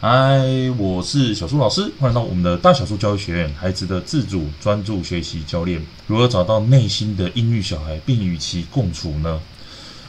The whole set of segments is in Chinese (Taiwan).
嗨，我是小樹老師，歡迎來到我們的大小樹教育學院，孩子的自主專注學習教練。如何找到內心的陰鬱小孩，並與其共處呢？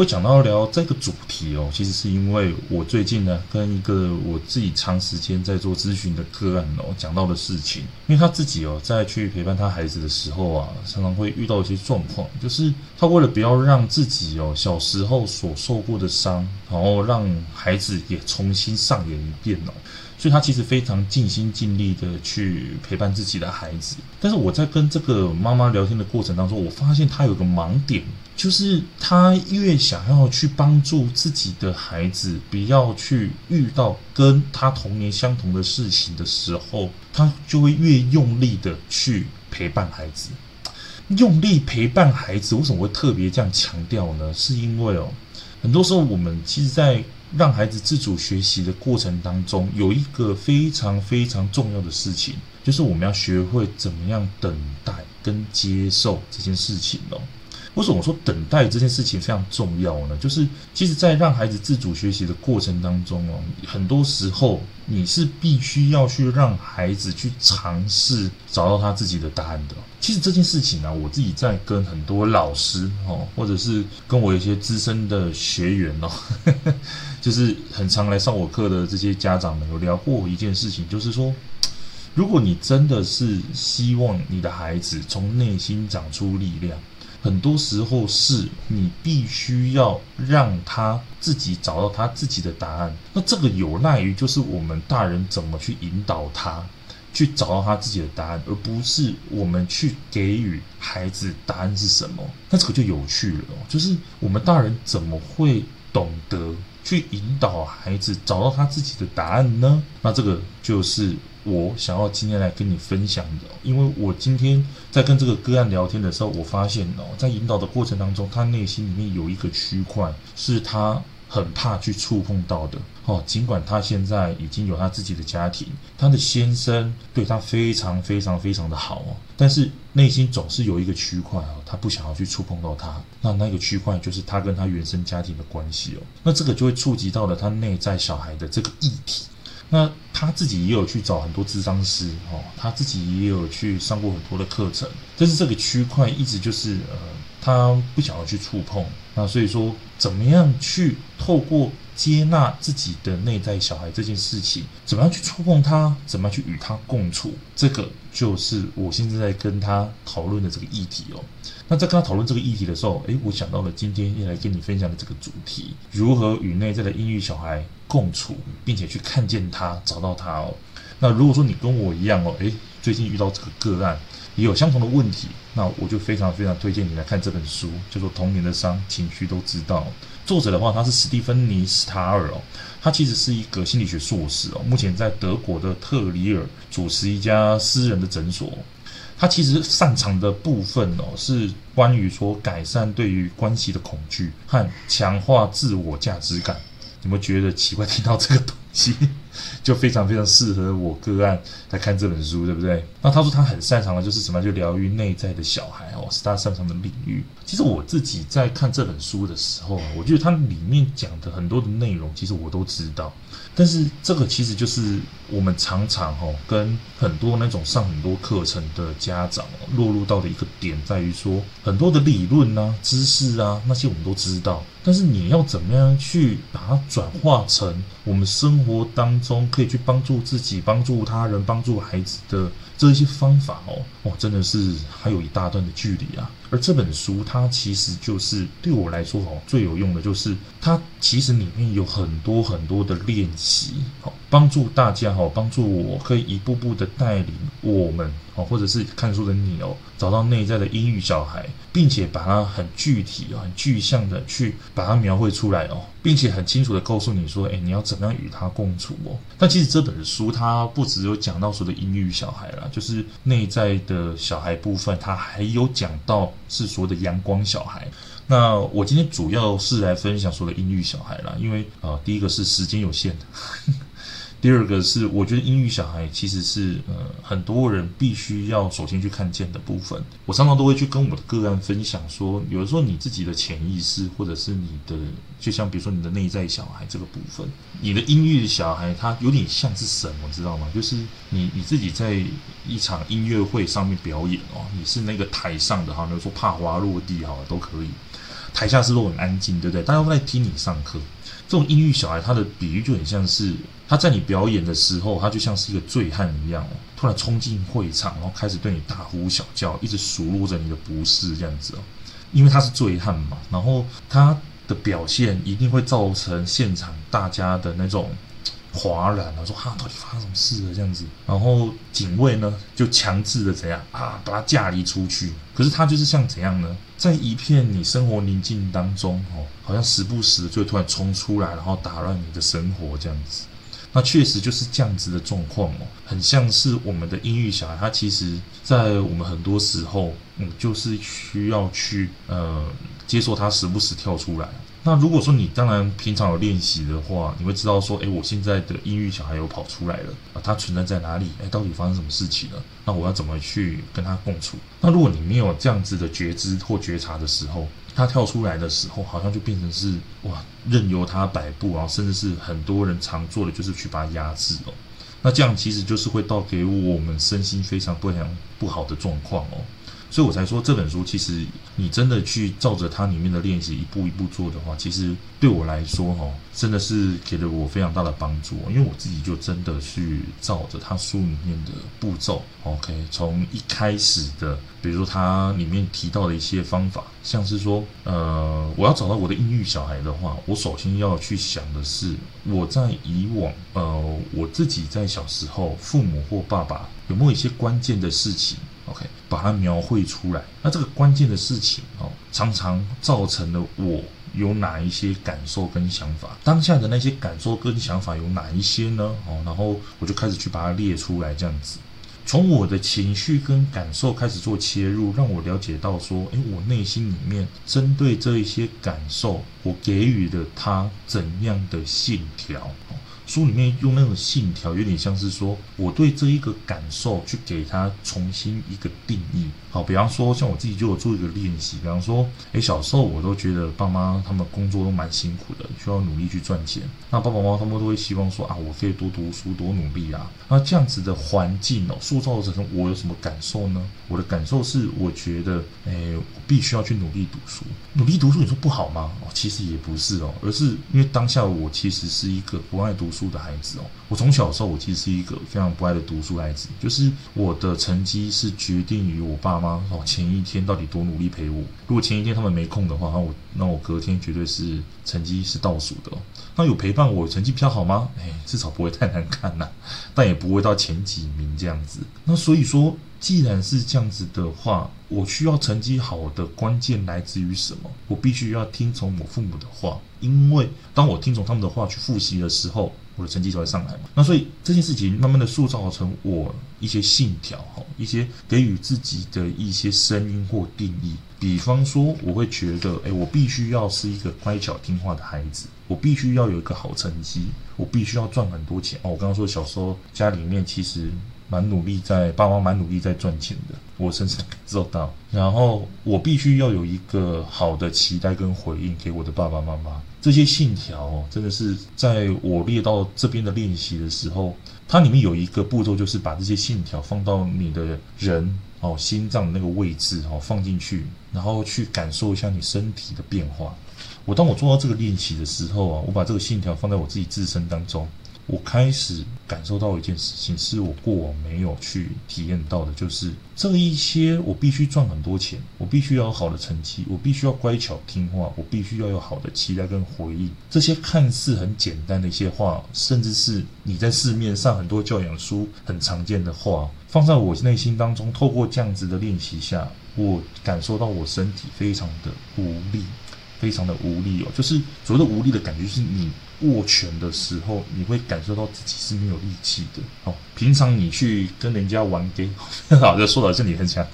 會講到聊這個主題哦，其實是因為我最近呢，跟一個我自己長時間在做諮詢的個案哦，講到的事情。因為他自己哦，在去陪伴他孩子的時候啊，常常會遇到一些狀況，就是他為了不要讓自己哦，小時候所受過的傷，然後讓孩子也重新上演一遍哦。所以他其實非常盡心盡力的去陪伴自己的孩子，但是我在跟這個媽媽聊天的過程當中，我發現他有個盲點，就是他越想要去幫助自己的孩子，不要去遇到跟他童年相同的事情的時候，他就會越用力的去陪伴孩子。用力陪伴孩子，為什麼會特別這樣強調呢？是因為哦，很多時候我們其實，在讓孩子自主學習的過程當中，有一個非常非常重要的事情，就是我們要學會怎麼樣等待跟接受這件事情哦。為什麼我說等待這件事情非常重要呢？就是其實，在讓孩子自主學習的過程當中哦，很多時候你是必須要去讓孩子去嘗試找到他自己的答案的。其實這件事情呢，啊，我自己在跟很多老師哦，或者是跟我一些資深的學員哦。呵呵就是很常來上我課的這些家長們有聊過一件事情，就是說，如果你真的是希望你的孩子從內心長出力量，很多時候是你必須要讓他自己找到他自己的答案。那這個有賴於就是我們大人怎麼去引導他去找到他自己的答案，而不是我們去給予孩子答案是什麼。那這個就有趣了，就是我們大人怎麼會？懂得去引導孩子找到他自己的答案呢？那這個就是我想要今天來跟你分享的。因為我今天在跟這個個案聊天的時候，我發現哦，在引導的過程當中，他內心裡面有一個區塊是他，很怕去觸碰到的哦，儘管他現在已經有他自己的家庭，他的先生對他非常非常非常的好哦，但是內心總是有一個區塊哦，他不想要去觸碰到他，那那個區塊就是他跟他原生家庭的關係哦，那這個就會觸及到了他內在小孩的這個議題，那他自己也有去找很多諮商師哦，他自己也有去上過很多的課程，但是這個區塊一直就是呃。他不想要去觸碰，那所以說，怎麼樣去透過接納自己的內在小孩這件事情，怎麼樣去觸碰他，怎麼樣去與他共處，這個就是我現在在跟他討論的這個議題哦。那在跟他討論這個議題的時候，哎，我想到了今天要來跟你分享的這個主題——如何與內在的陰鬱小孩共處，並且去看見他、找到他哦。那如果說你跟我一樣哦，哎，最近遇到這個個案。也有相同的問題，那我就非常非常推薦你來看這本書，叫做《童年的傷》，情緒都知道。作者的話，他是史蒂芬妮・史塔爾哦，他其實是一個心理學碩士哦，目前在德國的特里爾主持一家私人的診所。他其實擅長的部分哦，是關於說改善對於關係的恐懼和強化自我價值感。你們覺得奇怪？聽到這個東西？就非常非常適合我個案來看這本書，對不對？那他說他很擅長的就是什麼？就療癒內在的小孩哦，是他擅長的領域。其實我自己在看這本書的時候啊，我覺得它裡面講的很多的內容，其實我都知道。但是這個其實就是我們常常吼、哦、跟很多那種上很多課程的家長、哦、落入到的一個點，在於說很多的理論啊、知識啊那些我們都知道，但是你要怎麼樣去把它轉化成我們生活當中可以去幫助自己、幫助他人、幫助孩子的這些方法哦，哇，真的是還有一大段的距離啊。而這本書，它其實就是對我來說最有用的就是它其實裡面有很多很多的練習，好幫助大家哈，幫助我可以一步步的帶領我們哦，或者是看書的你哦，找到內在的陰鬱小孩，並且把它很具體、很具象的去把它描繪出來哦，並且很清楚的告訴你說，哎，你要怎麼樣與他共處哦。但其實這本書它不只有講到說的陰鬱小孩啦，就是內在的小孩部分，它還有講到。是說的陽光小孩，那我今天主要是來分享說的陰鬱小孩啦，因為啊、呃，第一個是時間有限的，呵呵第二個是，我覺得陰鬱小孩其實是，呃，很多人必須要首先去看見的部分。我常常都會去跟我的個案分享說，有的時候你自己的潛意識，或者是你的，就像比如說你的內在小孩這個部分，你的陰鬱小孩，他有點像是什麼，知道嗎？就是你你自己在一場音樂會上面表演哦，你是那個台上的哈，比如說怕花落地哈，都可以。台下是不是很安靜，對不對？大家都在聽你上課。這種陰鬱小孩，他的比喻就很像是他在你表演的時候，他就像是一個醉漢一樣哦，突然衝進會場，然後開始對你大呼小叫，一直數落着你的不是這樣子哦，因為他是醉漢嘛，然後他的表現一定會造成現場大家的那種，嘩然，然後說哈、啊，到底發生什麼事了？這樣子，然後警衛呢，就強制的怎樣啊，把他架離出去。可是他就是像怎樣呢，在一片你生活寧靜當中，哦，好像時不時就突然衝出來，然後打亂你的生活這樣子。那確實就是這樣子的狀況哦，很像是我們的陰鬱小孩，他其實在我們很多時候，嗯，就是需要去呃，接受他時不時跳出來。那如果說你當然平常有練習的話，你會知道說，誒，我現在的陰鬱小孩又跑出來了啊，它存在在哪裡？誒，到底發生什麼事情了？那我要怎麼去跟他共處？那如果你沒有這樣子的覺知或覺察的時候，他跳出來的時候，好像就變成是哇，任由他擺布啊，然後甚至是很多人常做的就是去把它壓制哦。那這樣其實就是會到給我們身心非常非常不好的狀況哦。所以我才說這本書，其實你真的去照着它裡面的練習一步一步做的話，其實對我來說，哈，真的是給了我非常大的幫助。因為我自己就真的去照着它書裡面的步驟，OK，從一開始的，比如說它裡面提到的一些方法，像是說，呃，我要找到我的陰鬱小孩的話，我首先要去想的是，我在以往，呃，我自己在小時候，父母或爸爸有沒有一些關鍵的事情。OK，把它描繪出來。那這個關鍵的事情哦，常常造成了我有哪一些感受跟想法？當下的那些感受跟想法有哪一些呢？哦，然後我就開始去把它列出來，這樣子，從我的情緒跟感受開始做切入，讓我了解到說，哎，我內心裡面針對這一些感受，我給予的他怎樣的信條？哦書裡面用那種信條，有點像是說，我對這一個感受去給它重新一個定義。好，比方說，像我自己就有做一個練習。比方說，哎，小時候我都覺得爸媽他們工作都蠻辛苦的，需要努力去賺錢。那爸爸媽媽他們都會希望說啊，我可以多讀書、多努力啊。那這樣子的環境哦，塑造成我有什麼感受呢？我的感受是，我覺得，哎，我必須要去努力讀書。努力讀書，你說不好嗎？哦，其實也不是哦，而是因為當下我其實是一個不愛讀書的孩子哦。我從小的時候，我其實是一個非常不愛的讀書孩子，就是我的成績是決定於我爸媽哦，前一天到底多努力陪我。如果前一天他們沒空的話，那我那我隔天絕對是成績是倒數的。那有陪伴我，成績比較好嗎？哎，至少不會太難看吶、啊，但也不會到前幾名這樣子。那所以說，既然是這樣子的話，我需要成績好的關鍵來自於什麼？我必須要聽從我父母的話，因為當我聽從他們的話去複習的時候，我的成績才會上來嘛。那所以這件事情慢慢的塑造成我一些信條哈，一些給予自己的一些聲音或定義。比方說，我會覺得，哎，我必須要是一個乖巧聽話的孩子，我必須要有一個好成績，我必須要賺很多錢。哦，我剛剛說小時候家裡面其實。蠻努力在，爸媽蠻努力在賺錢的，我深深感受到。然後我必須要有一個好的期待跟回應給我的爸爸媽媽。這些信條哦，真的是在我列到這邊的練習的時候，它裡面有一個步驟，就是把這些信條放到你的人哦，心臟那個位置哦，放進去，然後去感受一下你身體的變化。我，當我做到這個練習的時候啊，我把這個信條放在我自己自身當中。我開始感受到一件事情，是我過往沒有去體驗到的，就是這一些我必須賺很多錢，我必須要有好的成績，我必須要乖巧聽話，我必須要有好的期待跟回應。這些看似很簡單的一些話，甚至是你在市面上很多教養書很常見的話，放在我內心當中，透過這樣子的練習下，我感受到我身體非常的無力，非常的無力哦，就是所謂的無力的感覺，是你。握拳的時候，你會感受到自己是沒有力氣的。哦，平常你去跟人家玩 game，呵呵，說的好像你很強，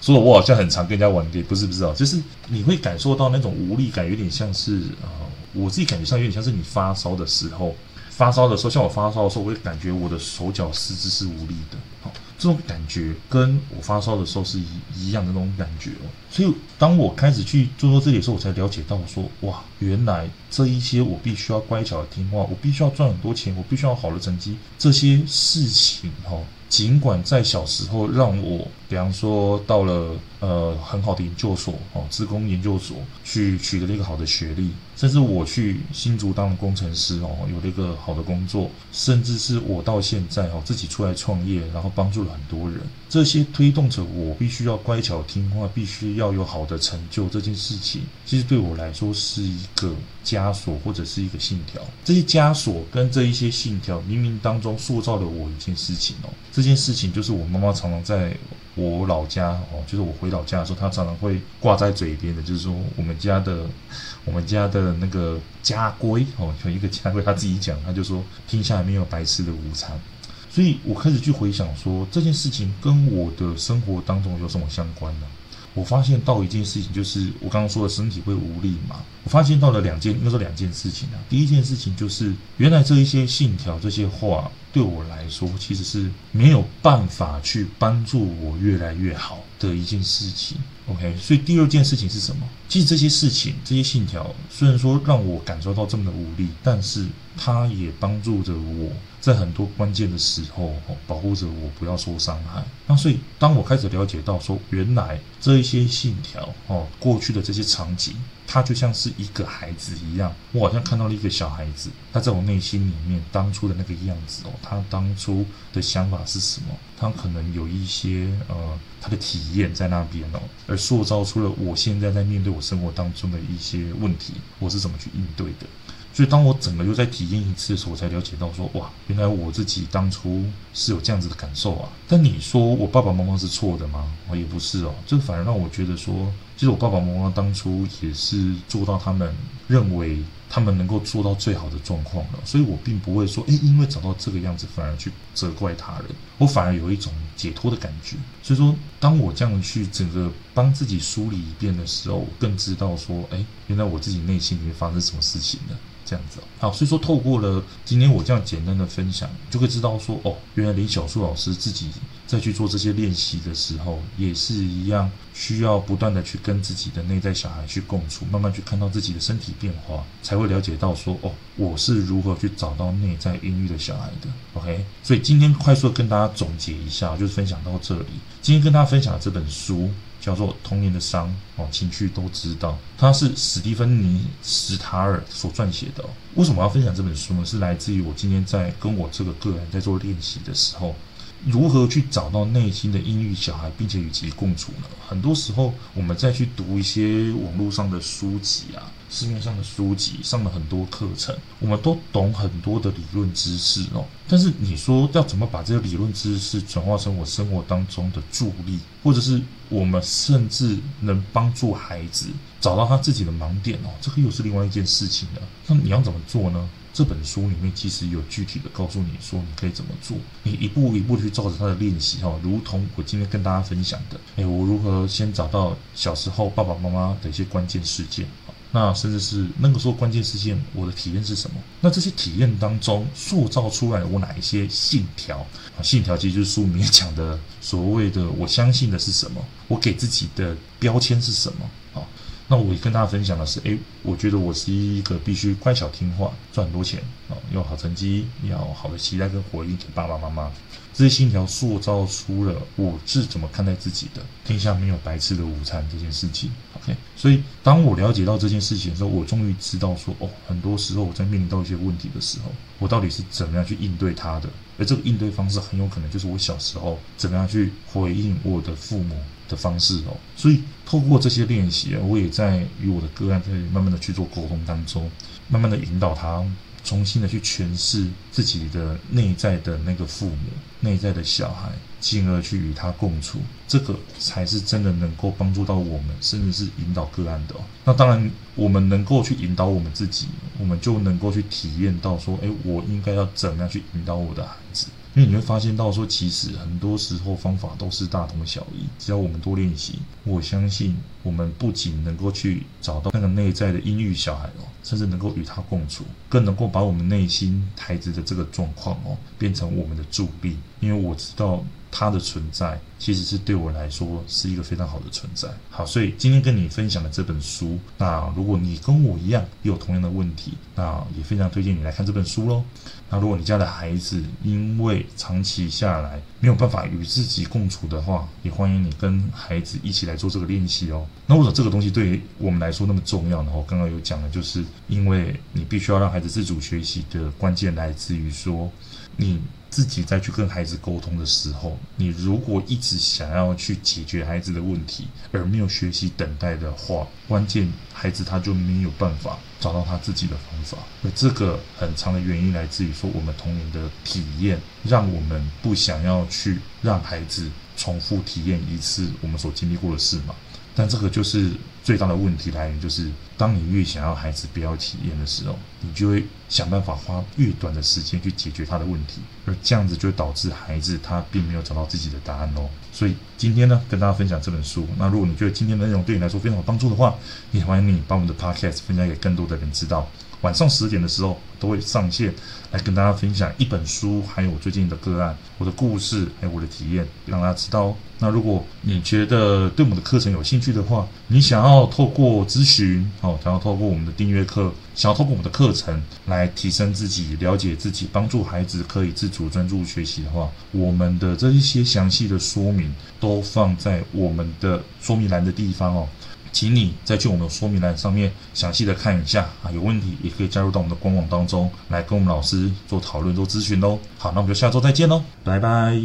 說的我好像很強，跟人家玩 game 不是，不知道、哦，就是你會感受到那種無力感，有點像是啊、呃，我自己感覺上有點像是你發燒的時候，發燒的時候，像我發燒的時候，我會感覺我的手腳四肢是無力的。哦。這種感覺跟我發燒的時候是一一樣的那種感覺哦，所以當我開始去做做這裡的時候，我才了解到我說，哇，原來這一些我必須要乖巧的聽話，我必須要賺很多錢，我必須要好的成績，這些事情哈、哦。儘管在小時候讓我，比方說到了呃很好的研究所哦，資工研究所去取得了一個好的學歷，甚至我去新竹當了工程師哦，有了一個好的工作，甚至是我到現在哦，自己出來創業，然後幫助了很多人。這些推動着我必須要乖巧聽話，必須要有好的成就這件事情，其實對我來說是一個枷鎖，或者是一個信條。這些枷鎖跟這一些信條，冥冥當中塑造了我一件事情哦。這件事情就是我媽媽常常在我老家哦，就是我回老家的時候，她常常會掛在嘴邊的，就是說我們家的，我們家的那個家規哦，有一個家規，她自己講，她就說，天下沒有白吃的午餐。所以我開始去回想說，說這件事情跟我的生活當中有什麼相關呢？我發現到一件事情，就是我剛剛說的身體會無力嘛。我發現到了兩件，那是兩件事情啊。第一件事情就是，原來這一些信條這些話對我來說，其實是沒有辦法去幫助我越來越好的一件事情。OK，所以第二件事情是什麼？其實這些事情，這些信條雖然說讓我感受到這麼的無力，但是它也幫助着我，在很多關鍵的時候，哦，保護着我不要受傷害。那所以，當我開始了解到說，原來這一些信條，哦，過去的這些場景，它就像是一個孩子一樣，我好像看到了一個小孩子，他在我內心裡面當初的那個樣子，哦，他當初的想法是什麼？他可能有一些呃，他的體驗在那邊，哦，而塑造出了我現在在面對我生活當中的一些問題，我是怎麼去應對的。所以當我整個又再體驗一次的時候，我才了解到說，哇，原來我自己當初是有這樣子的感受啊。但你說我爸爸媽媽是錯的嗎？我也不是哦，這反而讓我覺得說。其實我爸爸媽媽當初也是做到他們認為他們能夠做到最好的狀況了，所以我並不會說，誒，因為找到這個樣子反而去責怪他人，我反而有一種解脫的感覺。所以說，當我這樣去整個幫自己梳理一遍的時候，我更知道說，誒，原來我自己內心裡面發生什麼事情了，這樣子。好，所以說透過了今天我這樣簡單的分享，就會知道說，哦，原來林小樹老師自己。在去做這些練習的時候，也是一樣需要不斷的去跟自己的內在小孩去共處，慢慢去看到自己的身體變化，才會了解到說哦，我是如何去找到內在陰鬱的小孩的。OK，所以今天快速跟大家總結一下，就是分享到這裡。今天跟大家分享的這本書叫做《童年的傷》，哦，情緒都知道，它是史蒂芬妮·史塔爾所撰寫的。為什麼要分享這本書呢？是來自於我今天在跟我這個個人在做練習的時候。如何去找到內心的陰鬱小孩，並且與其共處呢？很多時候，我們再去讀一些網絡上的書籍啊，市面上的書籍，上了很多課程，我們都懂很多的理論知識哦。但是你說要怎麼把這個理論知識轉化成我生活當中的助力，或者是我們甚至能幫助孩子找到他自己的盲點哦，這個又是另外一件事情了啊。那你要怎麼做呢？這本書裡面其實有具體的告訴你說，你可以怎麼做。你一步一步去照着他的練習哈，如同我今天跟大家分享的，哎，我如何先找到小時候爸爸媽媽的一些關鍵事件，那甚至是那個時候關鍵事件，我的體驗是什麼？那這些體驗當中塑造出來我哪一些信條啊？信條其實就是書裡面講的所謂的我相信的是什麼？我給自己的標籤是什麼啊？那我也跟大家分享的是，哎，我覺得我是一個必須乖巧聽話、賺很多錢啊，用、哦、好成績、要好的期待跟回應給爸爸媽媽。這些信條塑造出了我是怎麼看待自己的。天下沒有白吃的午餐這件事情。OK，所以當我了解到這件事情的時候，我終於知道說，哦，很多時候我在面臨到一些問題的時候，我到底是怎麼樣去應對他的。而這個應對方式很有可能就是我小時候怎麼樣去回應我的父母的方式哦。所以透過這些練習，我也在與我的個案在慢慢的去做溝通當中，慢慢的引導他。重新的去詮釋自己的內在的那個父母，內在的小孩，進而去與他共處，這個才是真的能夠幫助到我們，甚至是引導個案的哦。那當然，我們能夠去引導我們自己，我們就能夠去體驗到說，誒，我應該要怎麼樣去引導我的孩子。因為你會發現到說，其實很多時候方法都是大同小異，只要我們多練習，我相信我們不僅能夠去找到那個內在的陰鬱小孩哦，甚至能夠與他共處，更能夠把我們內心孩子的這個狀況哦，變成我們的助力。因為我知道它的存在，其實是對我來說是一個非常好的存在。好，所以今天跟你分享的這本書，那如果你跟我一樣也有同樣的問題，那也非常推薦你來看這本書嘍。那如果你家的孩子因為長期下來沒有辦法與自己共處的話，也歡迎你跟孩子一起來做這個練習哦。那為什麼這個東西對於我們來說那麼重要呢？我剛剛有講的就是因為你必須要讓孩子自主學習的關鍵來自於說你。自己再去跟孩子溝通的時候，你如果一直想要去解決孩子的問題，而沒有學習等待的話，關鍵孩子他就沒有辦法找到他自己的方法。而這個很長的原因來自於說，我們童年的體驗，讓我們不想要去讓孩子重複體驗一次我們所經歷過的事嘛。但這個就是最大的問題來源，就是當你越想要孩子不要體驗的時候，你就會想辦法花越短的時間去解決他的問題，而這樣子就會導致孩子他並沒有找到自己的答案哦。所以今天呢，跟大家分享這本書。那如果你覺得今天的內容對你來說非常有幫助的話，也歡迎你把我們的 podcast 分享給更多的人知道。晚上十點的時候。都會上線來跟大家分享一本書，還有我最近的個案、我的故事、還有我的體驗，讓大家知道哦。那如果你覺得對我們的課程有興趣的話，你想要透過諮詢，哦，想要透過我們的訂閱課，想要透過我們的課程來提升自己、了解自己、幫助孩子可以自主專注學習的話，我們的這一些詳細的說明都放在我們的說明欄的地方哦。請你再去我們的說明欄上面詳細的看一下啊，有問題也可以加入到我們的官網當中來跟我們老師做討論、做諮詢嘍，哦。好，那我們就下周再見嘍，拜拜。